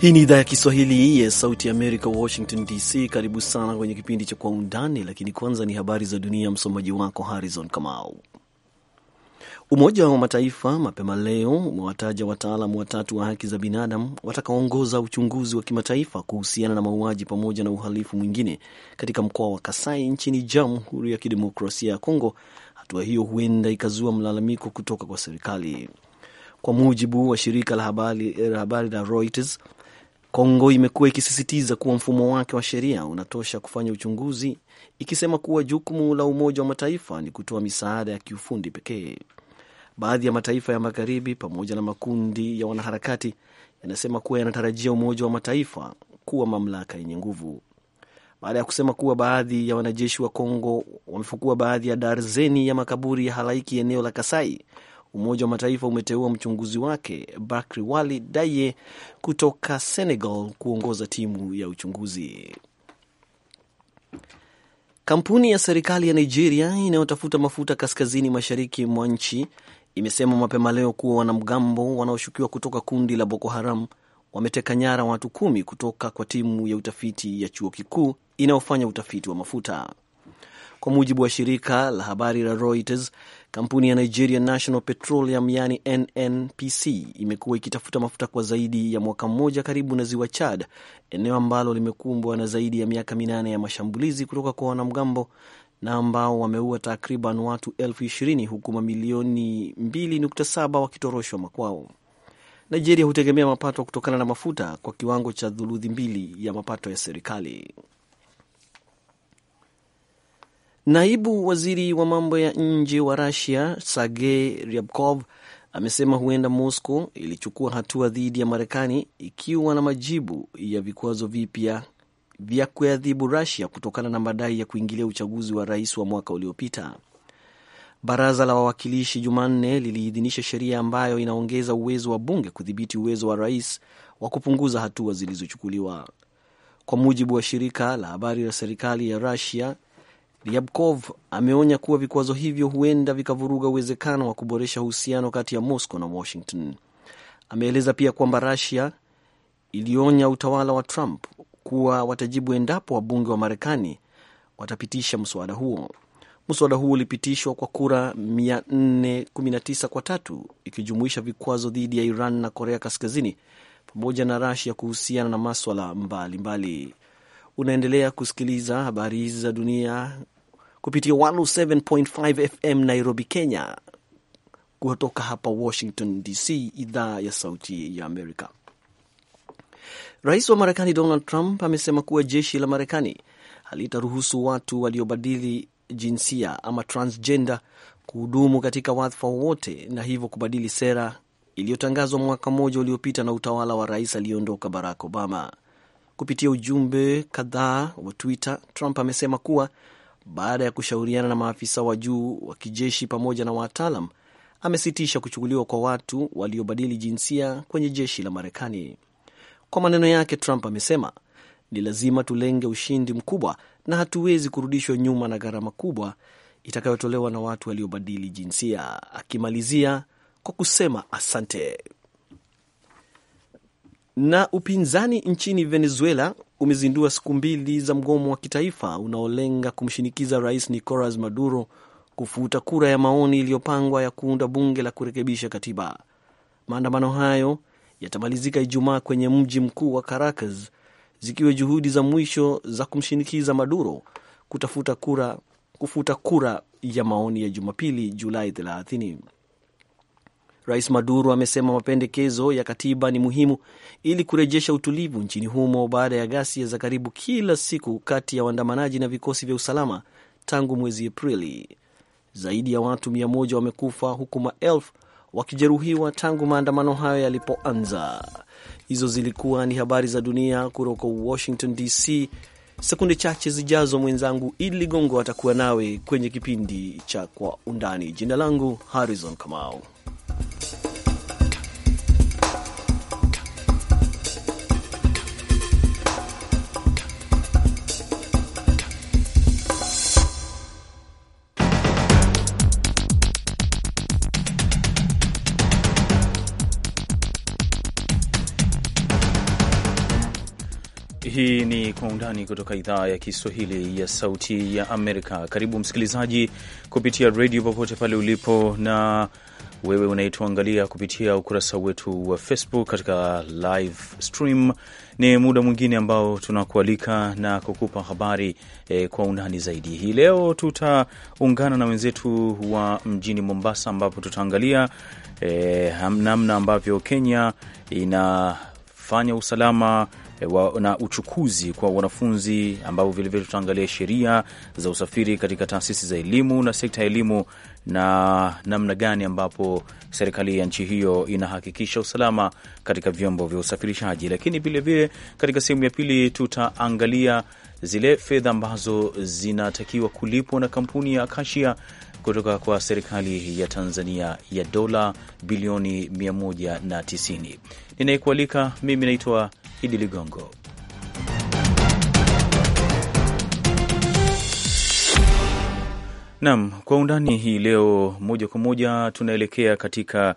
Hii ni idhaa ya Kiswahili ya Sauti ya Amerika, Washington DC. Karibu sana kwenye kipindi cha Kwa Undani, lakini kwanza ni habari za dunia. Msomaji wako Harrison Kamau. Umoja wa Mataifa mapema leo umewataja wataalamu watatu wa haki za binadamu watakaoongoza uchunguzi wa kimataifa kuhusiana na mauaji pamoja na uhalifu mwingine katika mkoa wa Kasai nchini Jamhuri ya Kidemokrasia ya Kongo. Hatua hiyo huenda ikazua mlalamiko kutoka kwa serikali, kwa mujibu wa shirika la habari la Reuters. Kongo imekuwa ikisisitiza kuwa mfumo wake wa sheria unatosha kufanya uchunguzi, ikisema kuwa jukumu la Umoja wa Mataifa ni kutoa misaada ya kiufundi pekee. Baadhi ya mataifa ya magharibi pamoja na makundi ya wanaharakati yanasema kuwa yanatarajia Umoja wa Mataifa kuwa mamlaka yenye nguvu, baada ya kusema kuwa baadhi ya wanajeshi wa Kongo wamefukua baadhi ya darzeni ya makaburi ya halaiki eneo la Kasai Umoja wa Mataifa umeteua mchunguzi wake Bakri Wali Daye kutoka Senegal kuongoza timu ya uchunguzi. Kampuni ya serikali ya Nigeria inayotafuta mafuta kaskazini mashariki mwa nchi imesema mapema leo kuwa wanamgambo wanaoshukiwa kutoka kundi la Boko Haram wameteka nyara watu kumi kutoka kwa timu ya utafiti ya chuo kikuu inayofanya utafiti wa mafuta. Kwa mujibu wa shirika la habari la Reuters, Kampuni ya Nigeria National Petroleum yani NNPC imekuwa ikitafuta mafuta kwa zaidi ya mwaka mmoja karibu na ziwa Chad, eneo ambalo limekumbwa na zaidi ya miaka minane ya mashambulizi kutoka kwa wanamgambo na ambao wameua takriban watu elfu ishirini huku mamilioni 2.7 wakitoroshwa makwao. Nigeria hutegemea mapato kutokana na mafuta kwa kiwango cha dhuluthi mbili ya mapato ya serikali. Naibu waziri wa mambo ya nje wa Rusia Sergei Ryabkov amesema huenda Moscow ilichukua hatua dhidi ya Marekani ikiwa na majibu ya vikwazo vipya vya kuadhibu Rusia kutokana na madai ya kuingilia uchaguzi wa rais wa mwaka uliopita. Baraza la wawakilishi Jumanne liliidhinisha sheria ambayo inaongeza uwezo wa bunge kudhibiti uwezo wa rais wa kupunguza hatua zilizochukuliwa. Kwa mujibu wa shirika la habari la serikali ya Rusia Ryabkov ameonya kuwa vikwazo hivyo huenda vikavuruga uwezekano wa kuboresha uhusiano kati ya Moscow na Washington. Ameeleza pia kwamba Russia ilionya utawala wa Trump kuwa watajibu endapo wabunge wa Marekani watapitisha mswada huo. Mswada huo ulipitishwa kwa kura 419 kwa tatu, ikijumuisha vikwazo dhidi ya Iran na Korea Kaskazini pamoja na Russia kuhusiana na maswala mbalimbali mbali. Unaendelea kusikiliza habari hizi za dunia kupitia 107.5 FM Nairobi, Kenya, kutoka hapa Washington DC, idhaa ya Sauti ya Amerika. Rais wa Marekani Donald Trump amesema kuwa jeshi la Marekani halitaruhusu watu waliobadili jinsia ama transgender kuhudumu katika wadhifa wowote na hivyo kubadili sera iliyotangazwa mwaka mmoja uliopita na utawala wa rais aliyeondoka Barack Obama. Kupitia ujumbe kadhaa wa Twitter, Trump amesema kuwa baada ya kushauriana na maafisa wa juu wa kijeshi pamoja na wataalam, amesitisha kuchukuliwa kwa watu waliobadili jinsia kwenye jeshi la Marekani. Kwa maneno yake, Trump amesema ni lazima tulenge ushindi mkubwa na hatuwezi kurudishwa nyuma na gharama kubwa itakayotolewa na watu waliobadili jinsia, akimalizia kwa kusema asante. Na upinzani nchini Venezuela umezindua siku mbili za mgomo wa kitaifa unaolenga kumshinikiza Rais Nicolas Maduro kufuta kura ya maoni iliyopangwa ya kuunda bunge la kurekebisha katiba. Maandamano hayo yatamalizika Ijumaa kwenye mji mkuu wa Caracas, zikiwa juhudi za mwisho za kumshinikiza Maduro kutafuta kura, kufuta kura ya maoni ya Jumapili, Julai Rais Maduro amesema mapendekezo ya katiba ni muhimu ili kurejesha utulivu nchini humo baada ya ghasia za karibu kila siku kati ya waandamanaji na vikosi vya usalama tangu mwezi Aprili. Zaidi ya watu mia moja wamekufa huku maelfu wakijeruhiwa tangu maandamano hayo yalipoanza. Hizo zilikuwa ni habari za dunia kutoka Washington DC. Sekunde chache zijazo, mwenzangu Idi Ligongo atakuwa nawe kwenye kipindi cha Kwa Undani. Jina langu Harrison Kamau. kwa undani kutoka idhaa ya Kiswahili ya Sauti ya Amerika. Karibu msikilizaji kupitia redio popote pale ulipo, na wewe unayetuangalia kupitia ukurasa wetu wa Facebook katika live stream. Ni muda mwingine ambao tunakualika na kukupa habari e, kwa undani zaidi. Hii leo tutaungana na wenzetu wa mjini Mombasa, ambapo tutaangalia e, namna ambavyo Kenya inafanya usalama Eh, wa, na uchukuzi kwa wanafunzi, ambao vilevile tutaangalia sheria za usafiri katika taasisi za elimu na sekta ya elimu na namna gani ambapo serikali ya nchi hiyo inahakikisha usalama katika vyombo vya usafirishaji. Lakini vilevile katika sehemu ya pili tutaangalia zile fedha ambazo zinatakiwa kulipwa na kampuni ya Akasia kutoka kwa serikali ya Tanzania ya dola bilioni 190. Ninayekualika mimi naitwa Idi Ligongo. Naam, kwa undani hii leo, moja kwa moja tunaelekea katika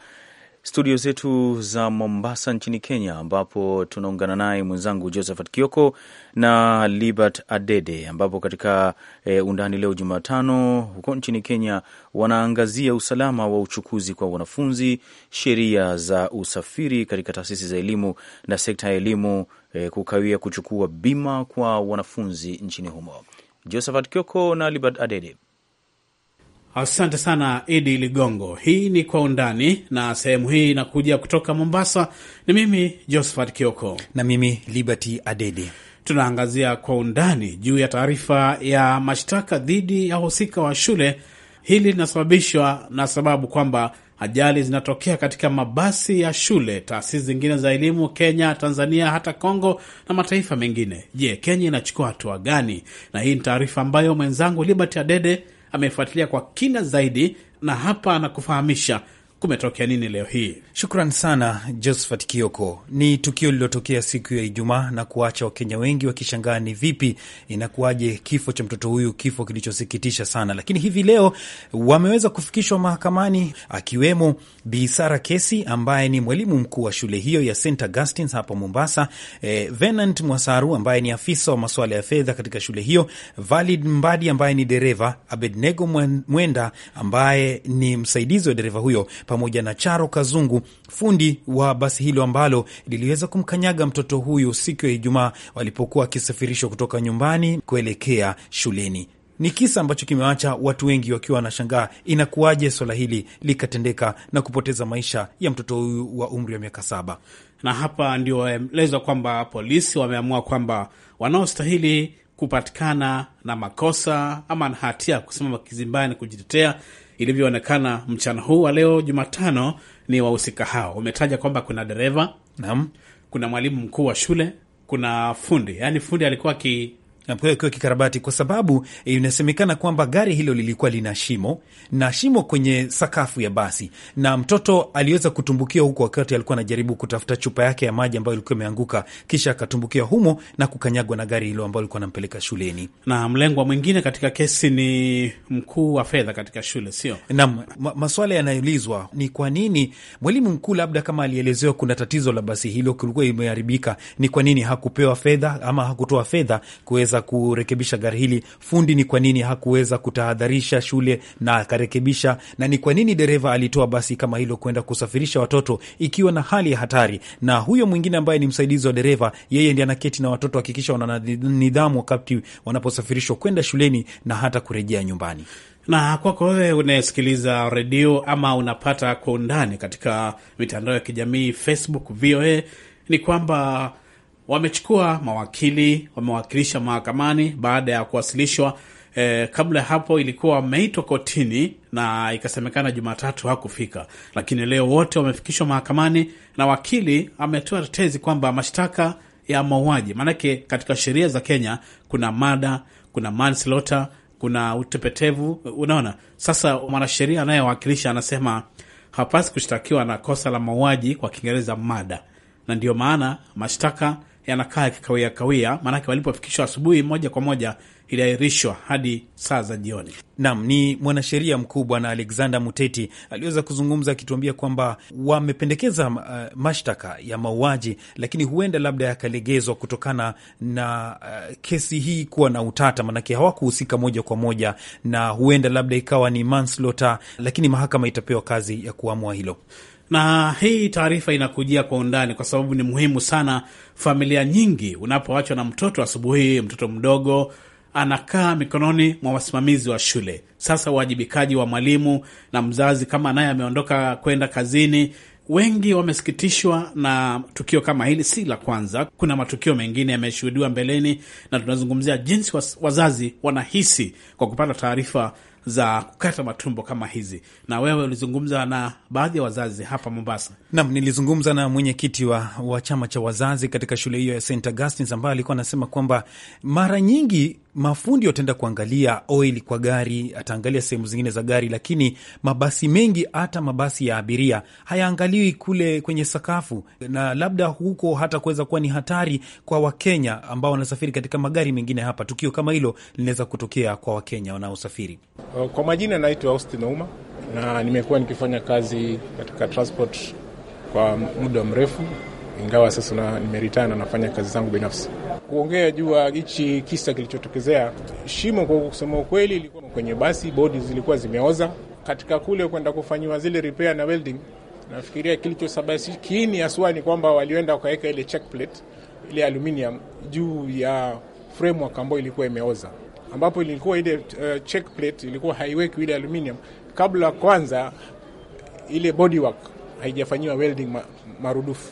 studio zetu za Mombasa nchini Kenya, ambapo tunaungana naye mwenzangu Josephat Kioko na Libert Adede, ambapo katika e, undani leo Jumatano huko nchini Kenya wanaangazia usalama wa uchukuzi kwa wanafunzi, sheria za usafiri katika taasisi za elimu na sekta ya elimu, e, kukawia kuchukua bima kwa wanafunzi nchini humo. Josephat Kioko na Libert Adede. Asante sana Idi Ligongo. Hii ni Kwa Undani, na sehemu hii inakuja kutoka Mombasa. Ni mimi Josephat Kioko na mimi Liberty Adede. Tunaangazia kwa undani juu ya taarifa ya mashtaka dhidi ya wahusika wa shule. Hili linasababishwa na sababu kwamba ajali zinatokea katika mabasi ya shule, taasisi zingine za elimu Kenya, Tanzania, hata Kongo na mataifa mengine. Je, Kenya inachukua hatua gani? Na hii ni taarifa ambayo mwenzangu Liberty Adede amefuatilia kwa kina zaidi, na hapa anakufahamisha kumetokea nini leo hii. Shukran sana Josephat Kioko. Ni tukio lililotokea siku ya Ijumaa na kuacha Wakenya wengi wakishangaa ni vipi inakuwaje kifo cha mtoto huyu, kifo kilichosikitisha sana. Lakini hivi leo wameweza kufikishwa mahakamani, akiwemo Bi Sara Kesi ambaye ni mwalimu mkuu wa shule hiyo ya St Augustine hapa Mombasa, e, Venant Mwasaru ambaye ni afisa wa masuala ya fedha katika shule hiyo, Valid Mbadi ambaye ni dereva, Abednego Mwenda ambaye ni msaidizi wa dereva huyo pamoja na Charo Kazungu, fundi wa basi hilo ambalo liliweza kumkanyaga mtoto huyu siku ya Ijumaa walipokuwa wakisafirishwa kutoka nyumbani kuelekea shuleni. Ni kisa ambacho kimewacha watu wengi wakiwa wanashangaa inakuwaje swala hili likatendeka na kupoteza maisha ya mtoto huyu wa umri wa miaka saba. Na hapa ndio waelezwa eh, kwamba polisi wameamua kwamba wanaostahili kupatikana na makosa ama na hatia kusimama kizimbani kujitetea ilivyoonekana mchana huu wa leo Jumatano ni wahusika hao. Umetaja kwamba kuna dereva, naam, kuna mwalimu mkuu wa shule, kuna fundi, yaani fundi alikuwa kwa kikarabati, kwa sababu eh, inasemekana kwamba gari hilo lilikuwa lina shimo na shimo kwenye sakafu ya basi, na mtoto aliweza kutumbukia huko wakati alikuwa anajaribu kutafuta chupa yake ya maji ambayo ilikuwa imeanguka, kisha akatumbukia humo na kukanyagwa na gari hilo ambalo lilikuwa anampeleka shuleni. Na mlengwa mwingine katika kesi ni mkuu wa fedha katika shule, sio nam ma, maswala yanayoulizwa ni kwa nini mwalimu mkuu, labda kama alielezewa kuna tatizo la basi hilo kulikuwa imeharibika, ni kwa nini hakupewa fedha ama hakutoa fedha kuweza kuweza kurekebisha gari hili. Fundi ni kwa nini hakuweza kutahadharisha shule na akarekebisha, na ni kwa nini dereva alitoa basi kama hilo kwenda kusafirisha watoto ikiwa na hali ya hatari? Na huyo mwingine ambaye ni msaidizi wa dereva, yeye ndiye anaketi na watoto, hakikisha wana nidhamu wakati wanaposafirishwa kwenda shuleni na hata kurejea nyumbani. Na kwako wewe unayesikiliza redio ama unapata kwa undani katika mitandao ya kijamii Facebook VOA, ni kwamba wamechukua mawakili, wamewakilisha mahakamani baada ya kuwasilishwa E, kabla ya hapo ilikuwa wameitwa kotini na ikasemekana Jumatatu hakufika, lakini leo wote wamefikishwa mahakamani na wakili ametoa tetezi kwamba mashtaka ya mauaji, maanake katika sheria za Kenya kuna mada, kuna manslaughter, kuna utepetevu. Unaona, sasa mwanasheria anayewakilisha anasema hapasi kushtakiwa na kosa la mauaji, kwa Kiingereza mada, na ndio maana mashtaka yanakaa yakikawia kawia, maanake walipofikishwa asubuhi moja kwa moja iliahirishwa hadi saa za jioni. Naam, ni mwanasheria mkuu Bwana Alexander Muteti aliweza kuzungumza akituambia kwamba wamependekeza uh, mashtaka ya mauaji, lakini huenda labda yakalegezwa kutokana na uh, kesi hii kuwa na utata, maanake hawakuhusika moja kwa moja, na huenda labda ikawa ni manslaughter, lakini mahakama itapewa kazi ya kuamua hilo na hii taarifa inakujia kwa undani kwa sababu ni muhimu sana. Familia nyingi, unapoachwa na mtoto asubuhi, mtoto mdogo anakaa mikononi mwa wasimamizi wa shule. Sasa uwajibikaji wa mwalimu na mzazi, kama naye ameondoka kwenda kazini Wengi wamesikitishwa na tukio kama hili, si la kwanza. Kuna matukio mengine yameshuhudiwa mbeleni, na tunazungumzia jinsi wazazi wanahisi kwa kupata taarifa za kukata matumbo kama hizi. Na wewe ulizungumza na baadhi ya wazazi hapa Mombasa. Nam, nilizungumza na mwenyekiti wa, wa chama cha wazazi katika shule hiyo ya St Augustins ambaye alikuwa anasema kwamba mara nyingi mafundi wataenda kuangalia oil kwa gari, ataangalia sehemu zingine za gari, lakini mabasi mengi, hata mabasi ya abiria hayaangaliwi kule kwenye sakafu, na labda huko hata kuweza kuwa ni hatari kwa Wakenya ambao wanasafiri katika magari mengine. Hapa tukio kama hilo linaweza kutokea kwa Wakenya wanaosafiri. Kwa majina naitwa Austin Nauma na nimekuwa nikifanya kazi katika transport kwa muda mrefu, ingawa sasa na nimeritaya na nafanya kazi zangu binafsi. Kuongea juu ya hichi kisa kilichotokezea Shimo, kwa kusema ukweli, ilikuwa kwenye basi, bodi zilikuwa zimeoza katika kule kwenda kufanyiwa zile repair na welding. Nafikiria kilichosababisha kiini haswa ni kwamba walienda wakaweka ile check plate ile aluminium juu ya framework ambayo ilikuwa imeoza, ambapo ilikuwa ile uh, check plate ilikuwa haiweki ile aluminium kabla kwanza ile bodywork haijafanyiwa welding ma, marudufu.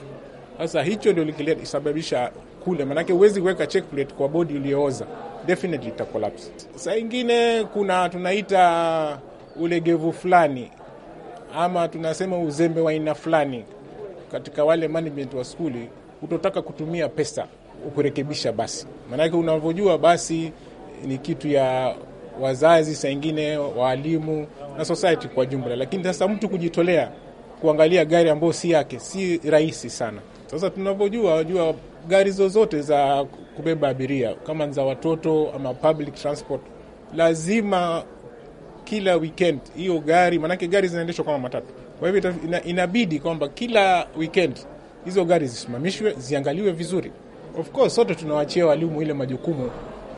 Sasa hicho ndio kilisababisha kule, manake huwezi kuweka checkplate kwa bodi iliyooza, definitely ita collapse. Saa ingine kuna tunaita ulegevu fulani ama tunasema uzembe wa aina fulani katika wale management wa skuli, utotaka kutumia pesa ukurekebisha basi, maanake unavyojua basi ni kitu ya wazazi, saa ingine waalimu na society kwa jumla, lakini sasa mtu kujitolea kuangalia gari ambayo si yake si rahisi sana. Sasa tunavyojua, wajua gari zozote za kubeba abiria kama ni za watoto ama public transport, lazima kila weekend hiyo gari, maanake gari zinaendeshwa kama matatu. Kwa hivyo inabidi kwamba kila weekend hizo gari zisimamishwe, ziangaliwe vizuri. Of course sote tunawachia walimu ile majukumu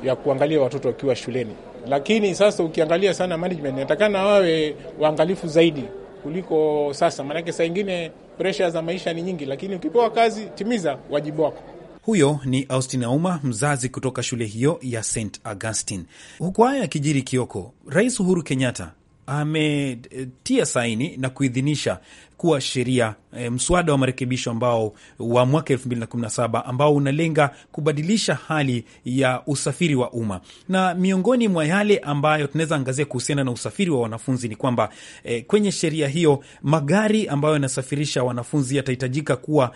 ya kuangalia watoto wakiwa shuleni, lakini sasa ukiangalia sana management, inatakana wawe waangalifu zaidi kuliko sasa, maanake saa ingine presha za maisha ni nyingi, lakini ukipewa kazi, timiza wajibu wako. Huyo ni Austin Auma, mzazi kutoka shule hiyo ya St Augustine. Huku haya yakijiri, Kioko, Rais Uhuru Kenyatta ametia saini na kuidhinisha kuwa sheria e, mswada wa marekebisho ambao wa mwaka 2017 ambao unalenga kubadilisha hali ya usafiri wa umma, na miongoni mwa yale ambayo tunaweza angazia kuhusiana na usafiri wa wanafunzi ni kwamba e, kwenye sheria hiyo magari ambayo yanasafirisha wanafunzi yatahitajika kuwa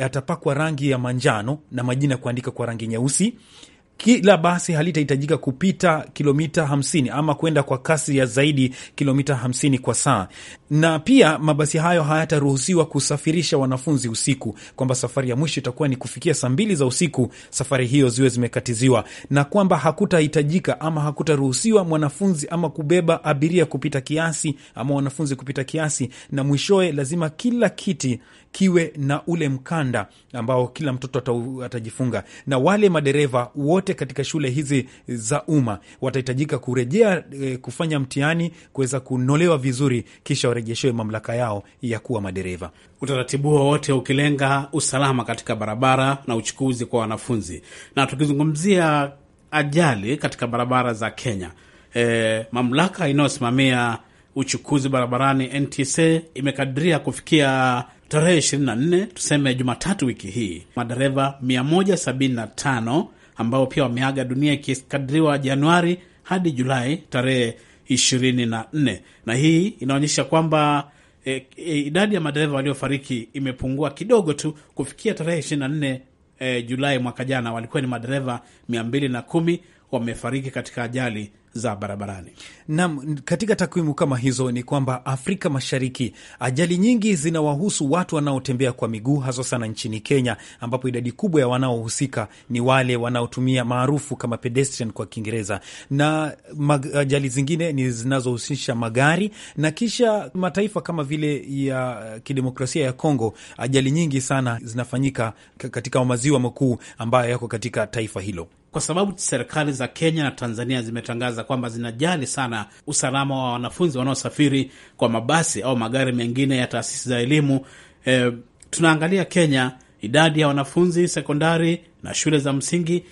yatapakwa rangi ya manjano na majina kuandika kwa rangi nyeusi kila basi halitahitajika kupita kilomita 50 ama kwenda kwa kasi ya zaidi kilomita 50 kwa saa, na pia mabasi hayo hayataruhusiwa kusafirisha wanafunzi usiku, kwamba safari ya mwisho itakuwa ni kufikia saa mbili za usiku, safari hiyo ziwe zimekatiziwa, na kwamba hakutahitajika ama hakutaruhusiwa mwanafunzi ama kubeba abiria kupita kiasi ama wanafunzi kupita kiasi, na mwishowe lazima kila kiti kiwe na ule mkanda ambao kila mtoto atajifunga, na wale madereva wote katika shule hizi za umma watahitajika kurejea e, kufanya mtihani kuweza kunolewa vizuri, kisha warejeshewe mamlaka yao ya kuwa madereva. Utaratibu huo wote ukilenga usalama katika barabara na uchukuzi kwa wanafunzi. Na tukizungumzia ajali katika barabara za Kenya, e, mamlaka inayosimamia uchukuzi barabarani NTSA imekadiria kufikia tarehe 24 tuseme Jumatatu wiki hii, madereva 175 ambao pia wameaga dunia ikikadiriwa Januari hadi Julai tarehe 24, na hii inaonyesha kwamba e, e, idadi ya madereva waliofariki imepungua kidogo tu kufikia tarehe 24 e, eh, Julai mwaka jana walikuwa ni madereva 210 wamefariki katika ajali za barabarani. Naam, katika takwimu kama hizo ni kwamba Afrika Mashariki ajali nyingi zinawahusu watu wanaotembea kwa miguu, haswa sana nchini Kenya, ambapo idadi kubwa ya wanaohusika ni wale wanaotumia maarufu kama pedestrian kwa Kiingereza, na ajali zingine ni zinazohusisha magari na kisha mataifa kama vile ya kidemokrasia ya Kongo, ajali nyingi sana zinafanyika katika maziwa makuu ambayo yako katika taifa hilo, kwa sababu serikali za Kenya na Tanzania zimetangaza kwamba zinajali sana usalama wa wanafunzi wanaosafiri kwa mabasi au magari mengine ya taasisi za elimu. E, tunaangalia Kenya, idadi ya wanafunzi sekondari na shule za msingi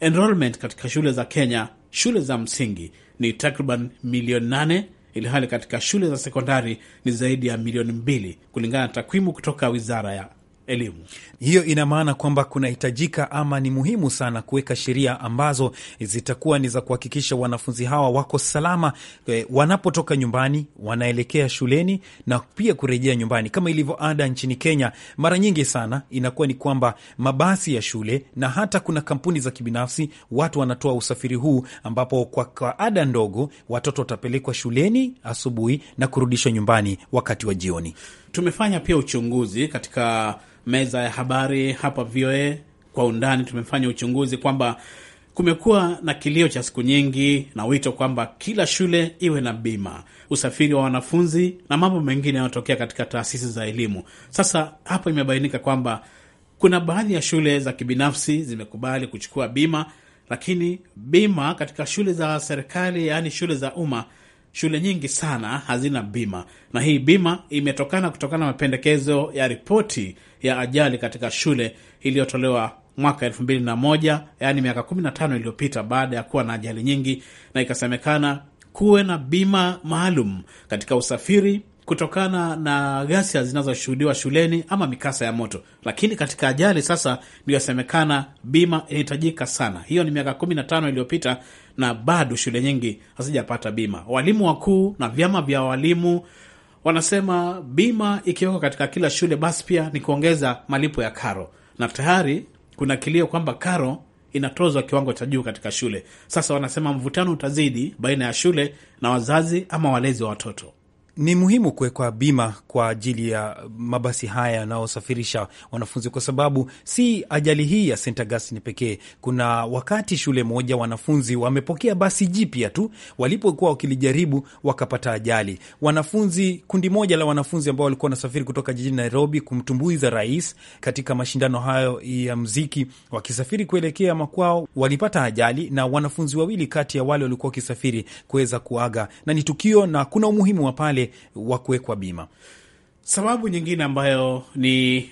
enrollment katika shule za Kenya, shule za msingi ni takriban milioni nane ilhali katika shule za sekondari ni zaidi ya milioni mbili kulingana na takwimu kutoka wizara ya elimu. Hiyo ina maana kwamba kunahitajika ama ni muhimu sana kuweka sheria ambazo zitakuwa ni za kuhakikisha wanafunzi hawa wako salama e, wanapotoka nyumbani wanaelekea shuleni na pia kurejea nyumbani. Kama ilivyo ada nchini Kenya, mara nyingi sana inakuwa ni kwamba mabasi ya shule na hata kuna kampuni za kibinafsi watu wanatoa usafiri huu, ambapo kwa, kwa ada ndogo watoto watapelekwa shuleni asubuhi na kurudishwa nyumbani wakati wa jioni. Tumefanya pia uchunguzi katika meza ya habari hapa VOA kwa undani, tumefanya uchunguzi kwamba kumekuwa na kilio cha siku nyingi na wito kwamba kila shule iwe na bima, usafiri wa wanafunzi na mambo mengine yanayotokea katika taasisi za elimu. Sasa hapa imebainika kwamba kuna baadhi ya shule za kibinafsi zimekubali kuchukua bima, lakini bima katika shule za serikali, yaani shule za umma shule nyingi sana hazina bima, na hii bima imetokana kutokana na mapendekezo ya ripoti ya ajali katika shule iliyotolewa mwaka elfu mbili na moja yaani miaka 15 iliyopita, baada ya kuwa na ajali nyingi, na ikasemekana kuwe na bima maalum katika usafiri kutokana na ghasia zinazoshuhudiwa shuleni ama mikasa ya moto. Lakini katika ajali sasa ndio bima inahitajika sana. Hiyo ni miaka kumi na tano iliyopita na bado shule nyingi hazijapata bima. Walimu wakuu na vyama vya walimu wanasema bima ikiwekwa katika kila shule, basi pia ni kuongeza malipo ya karo, na tayari kuna kilio kwamba karo inatozwa kiwango cha juu katika shule. Sasa wanasema mvutano utazidi baina ya shule na wazazi ama walezi wa watoto. Ni muhimu kuwekwa bima kwa ajili ya mabasi haya yanaosafirisha wanafunzi, kwa sababu si ajali hii ya St Agustin pekee. Kuna wakati shule moja wanafunzi wamepokea basi jipya tu, walipokuwa wakilijaribu wakapata ajali. Wanafunzi, kundi moja la wanafunzi ambao walikuwa wanasafiri kutoka jijini Nairobi kumtumbuiza rais katika mashindano hayo ya mziki, wakisafiri kuelekea makwao, walipata ajali na wanafunzi wawili kati ya wale walikuwa wakisafiri kuweza kuaga, na ni tukio na kuna umuhimu wa pale wa kuwekwa bima. Sababu nyingine ambayo ni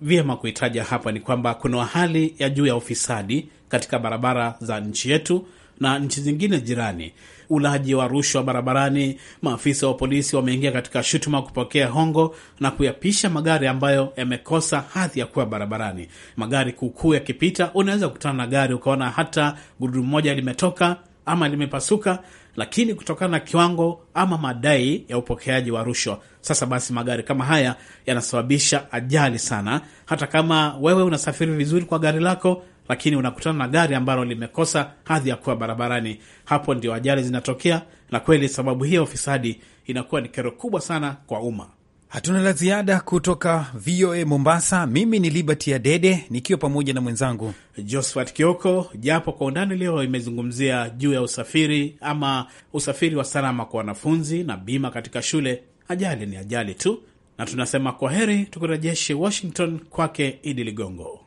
vyema kuitaja hapa ni kwamba kuna hali ya juu ya ufisadi katika barabara za nchi yetu na nchi zingine jirani. Ulaji wa rushwa barabarani, maafisa wa polisi wameingia katika shutuma kupokea hongo na kuyapisha magari ambayo yamekosa hadhi ya kuwa barabarani. Magari kuukuu yakipita, unaweza kukutana na gari ukaona hata gurudumu moja limetoka ama limepasuka, lakini kutokana na kiwango ama madai ya upokeaji wa rushwa, sasa basi magari kama haya yanasababisha ajali sana. Hata kama wewe unasafiri vizuri kwa gari lako, lakini unakutana na gari ambalo limekosa hadhi ya kuwa barabarani, hapo ndio ajali zinatokea. Na kweli sababu hii ya ufisadi inakuwa ni kero kubwa sana kwa umma. Hatuna la ziada kutoka VOA Mombasa. Mimi ni Liberty Adede nikiwa pamoja na mwenzangu Josphat Kioko. Japo kwa undani leo imezungumzia juu ya usafiri ama usafiri wa salama kwa wanafunzi na bima katika shule. Ajali ni ajali tu, na tunasema kwa heri, tukurejeshe Washington kwake Idi Ligongo.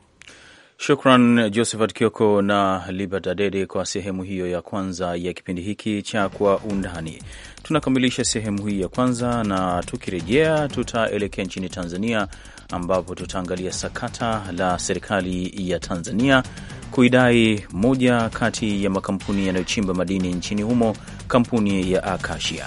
Shukran Josephat Kioko na Libert Adede kwa sehemu hiyo ya kwanza ya kipindi hiki cha Kwa Undani. Tunakamilisha sehemu hii ya kwanza, na tukirejea tutaelekea nchini Tanzania ambapo tutaangalia sakata la serikali ya Tanzania kuidai moja kati ya makampuni yanayochimba madini nchini humo, kampuni ya Acacia.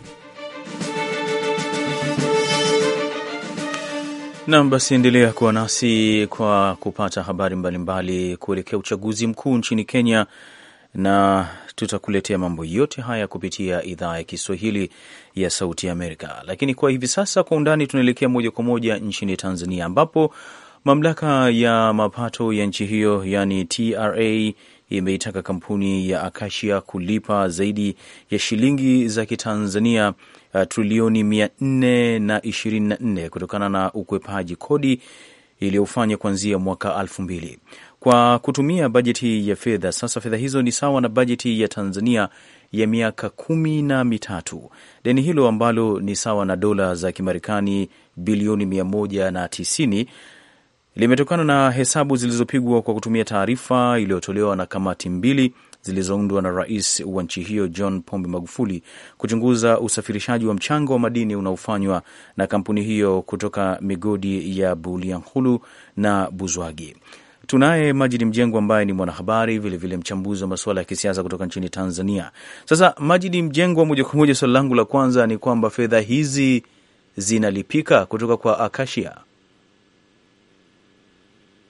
Nam, basi endelea kuwa nasi kwa kupata habari mbalimbali kuelekea uchaguzi mkuu nchini Kenya, na tutakuletea mambo yote haya kupitia idhaa ya Kiswahili ya Sauti ya Amerika. Lakini kwa hivi sasa, kwa undani, tunaelekea moja kwa moja nchini Tanzania, ambapo mamlaka ya mapato ya nchi hiyo yani TRA imeitaka kampuni ya akashia kulipa zaidi ya shilingi za Kitanzania uh, trilioni 424 kutokana na ukwepaji kodi iliyofanywa kuanzia mwaka elfu kwa kutumia bajeti ya fedha. Sasa fedha hizo ni sawa na bajeti ya Tanzania ya miaka kumi na mitatu. Deni hilo ambalo ni sawa na dola za Kimarekani bilioni 190 limetokana na hesabu zilizopigwa kwa kutumia taarifa iliyotolewa na kamati mbili zilizoundwa na rais wa nchi hiyo John Pombe Magufuli kuchunguza usafirishaji wa mchango wa madini unaofanywa na kampuni hiyo kutoka migodi ya Bulyanhulu na Buzwagi. Tunaye Majidi Mjengwa ambaye ni mwanahabari vilevile mchambuzi wa masuala ya kisiasa kutoka nchini Tanzania. Sasa Majidi Mjengwa, moja kwa moja, swali langu la kwanza ni kwamba fedha hizi zinalipika kutoka kwa Akashia?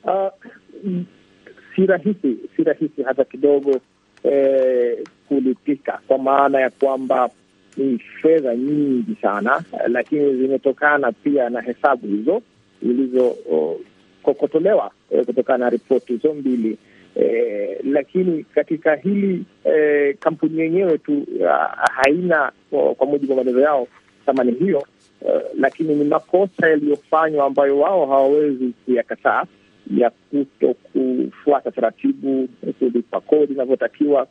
Uh, si rahisi, si rahisi hata kidogo, eh, kulipika kwa maana ya kwamba ni fedha nyingi sana, eh, lakini zimetokana pia na hesabu hizo zilizokokotolewa eh, kutokana na ripoti hizo mbili. Eh, lakini katika hili eh, kampuni yenyewe tu ah, haina oh, kwa mujibu wa maelezo yao thamani hiyo eh, lakini ni makosa yaliyofanywa ambayo wao hawawezi kuyakataa ya kuto kufuata taratibu kulipa kodi inavyotakiwa.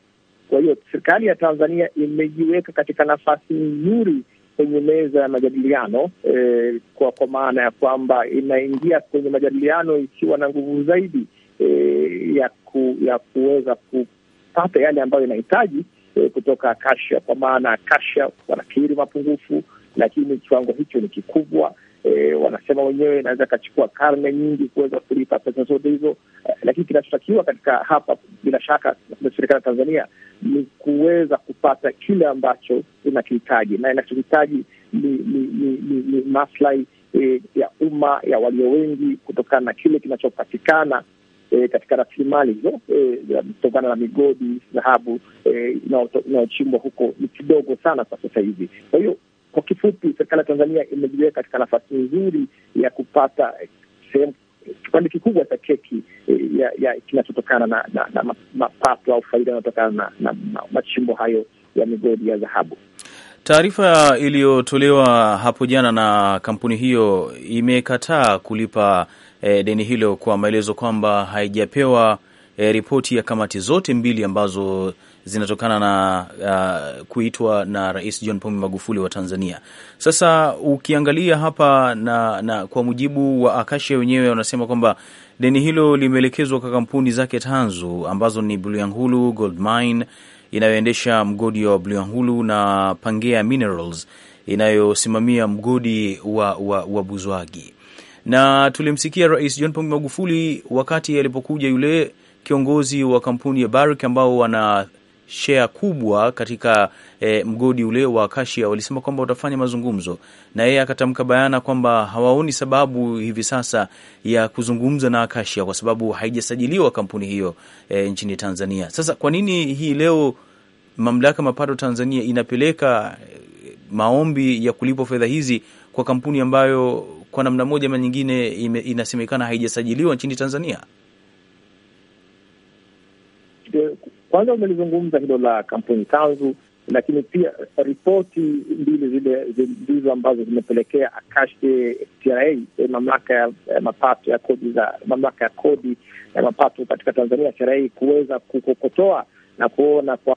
Kwa hiyo serikali ya Tanzania imejiweka katika nafasi nzuri kwenye meza ya majadiliano e, kwa kwa maana ya kwamba inaingia kwenye majadiliano ikiwa na nguvu zaidi e, ya ku, ya kuweza kupata yale ambayo inahitaji e, kutoka kasha, kwa maana kasha wanakiri mapungufu, lakini kiwango hicho ni kikubwa e, wanasema wenyewe inaweza ikachukua karne nyingi kuweza kulipa pesa zote hizo e, lakini kinachotakiwa katika hapa bila shaka serikali ya Tanzania ni kuweza kupata kile ambacho inakihitaji na inachohitaji ni, ni, ni, ni, ni maslahi e, ya umma ya walio wengi kutokana na kile kinachopatikana E, katika rasilimali hizo e, kutokana e, na migodi, dhahabu e, inayochimbwa huko ni kidogo sana kwa sasa hivi. Kwa hiyo kwa kifupi, serikali ya Tanzania imejiweka katika nafasi nzuri ya kupata eh, sehemu kipande kikubwa cha keki eh, ya, ya kinachotokana na, na, na mapato au faida yanayotokana na, na, na machimbo hayo ya migodi ya dhahabu. Taarifa iliyotolewa hapo jana na kampuni hiyo imekataa kulipa eh, deni hilo kwa maelezo kwamba haijapewa eh, ripoti ya kamati zote mbili ambazo zinatokana na uh, kuitwa na Rais John Pombe Magufuli wa Tanzania. Sasa ukiangalia hapa na, na kwa mujibu wa Akasha wenyewe wanasema kwamba deni hilo limeelekezwa kwa kampuni zake tanzu ambazo ni Bulyanhulu Gold Mine inayoendesha mgodi wa Bulyanhulu na Pangea Minerals inayosimamia mgodi wa, wa, wa Buzwagi. Na tulimsikia Rais John Pombe Magufuli wakati alipokuja yule kiongozi wa kampuni ya Barrick ambao wana shea kubwa katika e, mgodi ule wa Kashia walisema kwamba watafanya mazungumzo, na yeye akatamka bayana kwamba hawaoni sababu hivi sasa ya kuzungumza na Kashia kwa sababu haijasajiliwa kampuni hiyo e, nchini Tanzania. Sasa kwa nini hii leo mamlaka mapato Tanzania inapeleka eh, maombi ya kulipwa fedha hizi kwa kampuni ambayo kwa namna moja ama nyingine inasemekana haijasajiliwa nchini Tanzania? Kwanza umelizungumza hilo la kampuni tanzu, lakini pia ripoti mbili zile ndizo ambazo zimepelekea TRA, eh, mamlaka ya eh, mapato ya kodi za mamlaka ya kodi ya mapato katika Tanzania, TRA, kuweza kukokotoa na kuona kwa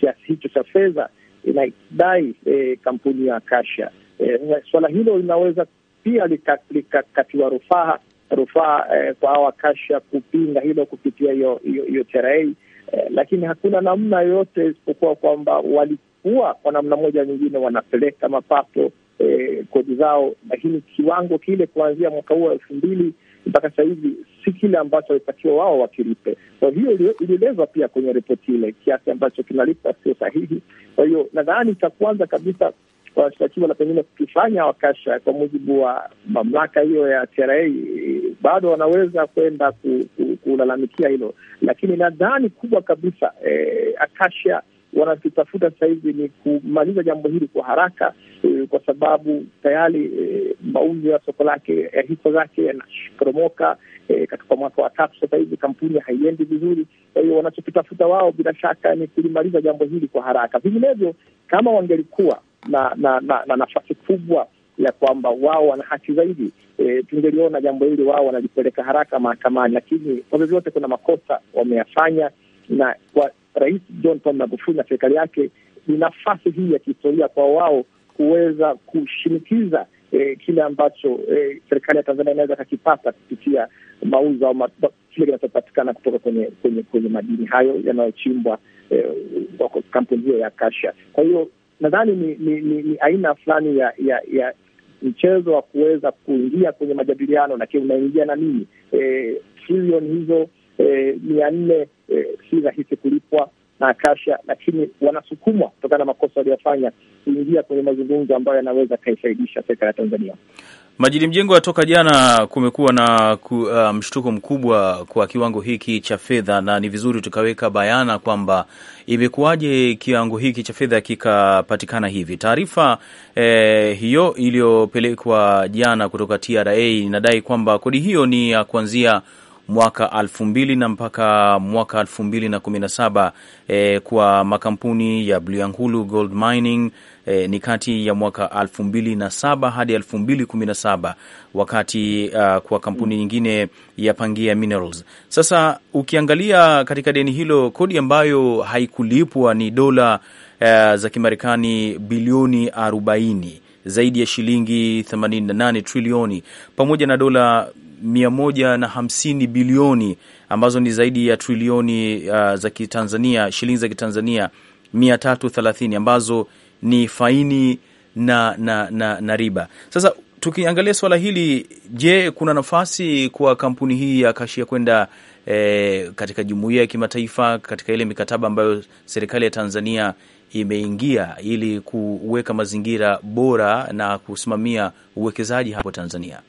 kiasi hicho cha fedha inadai e, kampuni ya Kasha. E, swala hilo linaweza pia likakatiwa rufaa rufaa e, kwa hawa Kasha kupinga hilo kupitia hiyo TRA eh, lakini hakuna namna yoyote isipokuwa kwamba walikuwa kwa namna moja nyingine wanapeleka mapato eh, kodi zao, lakini kiwango kile kuanzia mwaka huu wa elfu mbili mpaka sasa hivi si kile ambacho walitakiwa wao wakilipe. Kwa so, hiyo ilielezwa pia kwenye ripoti ile, kiasi ambacho kinalipwa sio sahihi. Kwa so, hiyo nadhani cha kwanza kabisa washtakiwa na pengine kukifanya wakasha kwa mujibu wa mamlaka hiyo ya TRA, bado wanaweza kwenda kulalamikia ku, hilo, lakini nadhani kubwa kabisa e, akasha wanakitafuta sasa hivi ni kumaliza jambo hili kwa haraka e, kwa sababu tayari e, mauzo ya soko lake ya hisa zake yanaporomoka. E, katika mwaka wa tatu sasa hivi kampuni haiendi vizuri. Kwa hiyo wanachokitafuta wao bila shaka ni kulimaliza jambo hili kwa haraka, vinginevyo kama wangelikuwa na na, na, na nafasi kubwa ya kwamba wao wana haki zaidi. E, tungeliona jambo hili wao wanalipeleka haraka mahakamani, lakini kwa vyovyote kuna makosa wameyafanya, na kwa Rais John Pombe Magufuli na serikali yake ni nafasi hii ya kihistoria kwa wao kuweza kushinikiza e, kile ambacho e, serikali ya Tanzania inaweza kakipata kupitia mauzo au kile kinachopatikana kutoka kwenye kwenye kwenye madini hayo yanayochimbwa e, kampuni hiyo ya Kasha. Kwa hiyo nadhani ni, ni, ni, ni aina fulani ya, ya, ya mchezo wa kuweza kuingia kwenye majadiliano, lakini unaingia na nini? E, Trilioni hizo e, mia nne e, si rahisi kulipwa na Akasha, lakini wanasukumwa kutokana na makosa waliyofanya kuingia kwenye mazungumzo ambayo yanaweza akaifaidisha sekta ya Tanzania majini Mjengo, toka jana kumekuwa na ku, uh, mshtuko mkubwa kwa kiwango hiki cha fedha, na ni vizuri tukaweka bayana kwamba imekuwaje kiwango hiki cha fedha kikapatikana hivi. Taarifa eh, hiyo iliyopelekwa jana kutoka TRA inadai kwamba kodi hiyo ni ya kuanzia mwaka elfu mbili na mpaka mwaka elfu mbili na kumi na saba e, eh, kwa makampuni ya Bulyanhulu Gold Mining e, ni kati ya mwaka elfu mbili na saba hadi elfu mbili kumi na saba wakati uh, kwa kampuni nyingine ya Pangia Minerals. Sasa ukiangalia katika deni hilo, kodi ambayo haikulipwa ni dola uh, za Kimarekani bilioni arobaini zaidi ya shilingi 88 trilioni pamoja na dola 150 bilioni ambazo ni zaidi ya trilioni uh, za Kitanzania, shilingi za Kitanzania 330 ambazo ni faini na, na, na, na riba. Sasa tukiangalia swala hili, je, kuna nafasi kwa kampuni hii ya Kashia kwenda e, katika jumuiya ya kimataifa katika ile mikataba ambayo serikali ya Tanzania imeingia ili kuweka mazingira bora na kusimamia uwekezaji hapo Tanzania?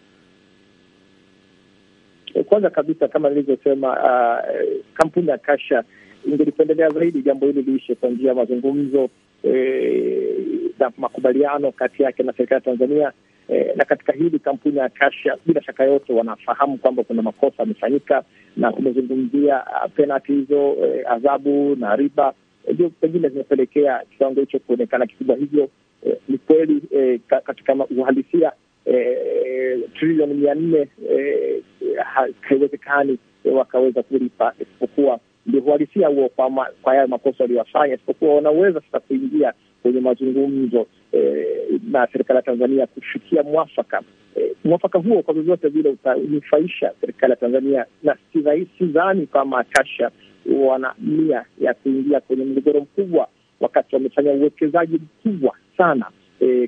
Eh, kwanza kabisa kama nilivyosema, uh, kampuni ya Kasha ingelipendelea zaidi jambo hili liishe kwa njia ya mazungumzo eh, na e, makubaliano kati yake na serikali ya Tanzania. E, na katika hili kampuni ya Kasha bila shaka yote wanafahamu kwamba kuna makosa yamefanyika, na kumezungumzia penati hizo, e, adhabu na riba ndio pengine zimepelekea kiwango hicho kuonekana kikubwa. Hivyo ni e, kweli e, katika uhalisia Eh, eh, trilioni mia nne eh, haiwezekani wakaweza kulipa, isipokuwa ndio uhalisia huo kwa yale makosa waliyofanya, isipokuwa wanaweza sasa kuingia kwenye mazungumzo na serikali ya Tanzania kufikia mwafaka. Mwafaka huo kwa vyovyote vile utanufaisha serikali ya Tanzania, na sidhani kama Akasha wana nia ya kuingia kwenye mgogoro mkubwa, wakati wamefanya uwekezaji mkubwa sana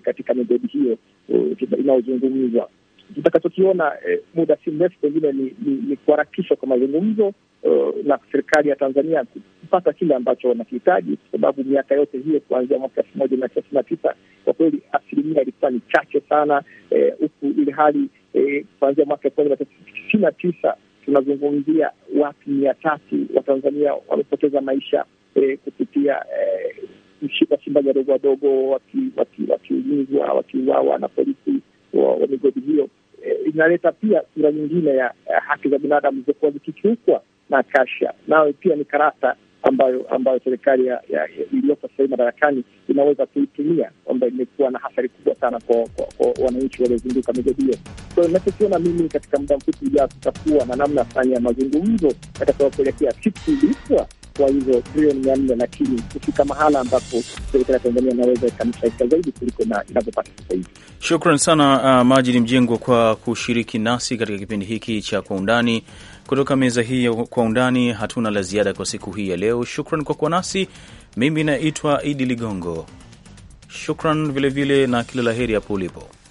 katika migodi hiyo Eh, inayozungumzwa. Tutakachokiona eh, muda si mrefu pengine ni, ni, ni kuharakishwa kwa mazungumzo eh, na serikali ya Tanzania kupata kile ambacho wanakihitaji, kwa sababu miaka yote hiyo kuanzia mwaka elfu moja mia tisa tisini na tisa kwa kweli asilimia ilikuwa ni chache sana, eh, huku eh, ili hali eh, kuanzia mwaka elfu moja mia tisa tisini na tisa tunazungumzia watu mia tatu wa Tanzania wamepoteza maisha eh, kupitia eh, wachimbaji wadogo wadogo wakiumizwa, wakiuawa na polisi wa migodi hiyo, e, inaleta pia sura nyingine ya haki za binadamu zilizokuwa zikikiukwa na Kasha. Nayo pia ni karata ambayo ambayo serikali iliyoko sasa hivi madarakani inaweza kuitumia, kwamba imekuwa na athari kubwa sana kwa wananchi waliozinduka migodi hiyo. Kwa hiyo inachokiona mimi, katika muda mfupi ujao, tutakuwa na namna fulani ya mazungumzo yatakayopelekea kitu ilipwa kwa hizo trilioni mia nne lakini kufika mahala ambapo serikali ya Tanzania inaweza ikanufaika zaidi kuliko na inavyopata sasa hivi. Shukran sana uh, Majini Mjengwa kwa kushiriki nasi katika kipindi hiki cha Kwa Undani kutoka meza hii ya Kwa Undani. Hatuna la ziada kwa siku hii ya leo. Shukran kwa kuwa nasi. Mimi naitwa Idi Ligongo. Shukran vilevile vile na kila la heri hapo ulipo.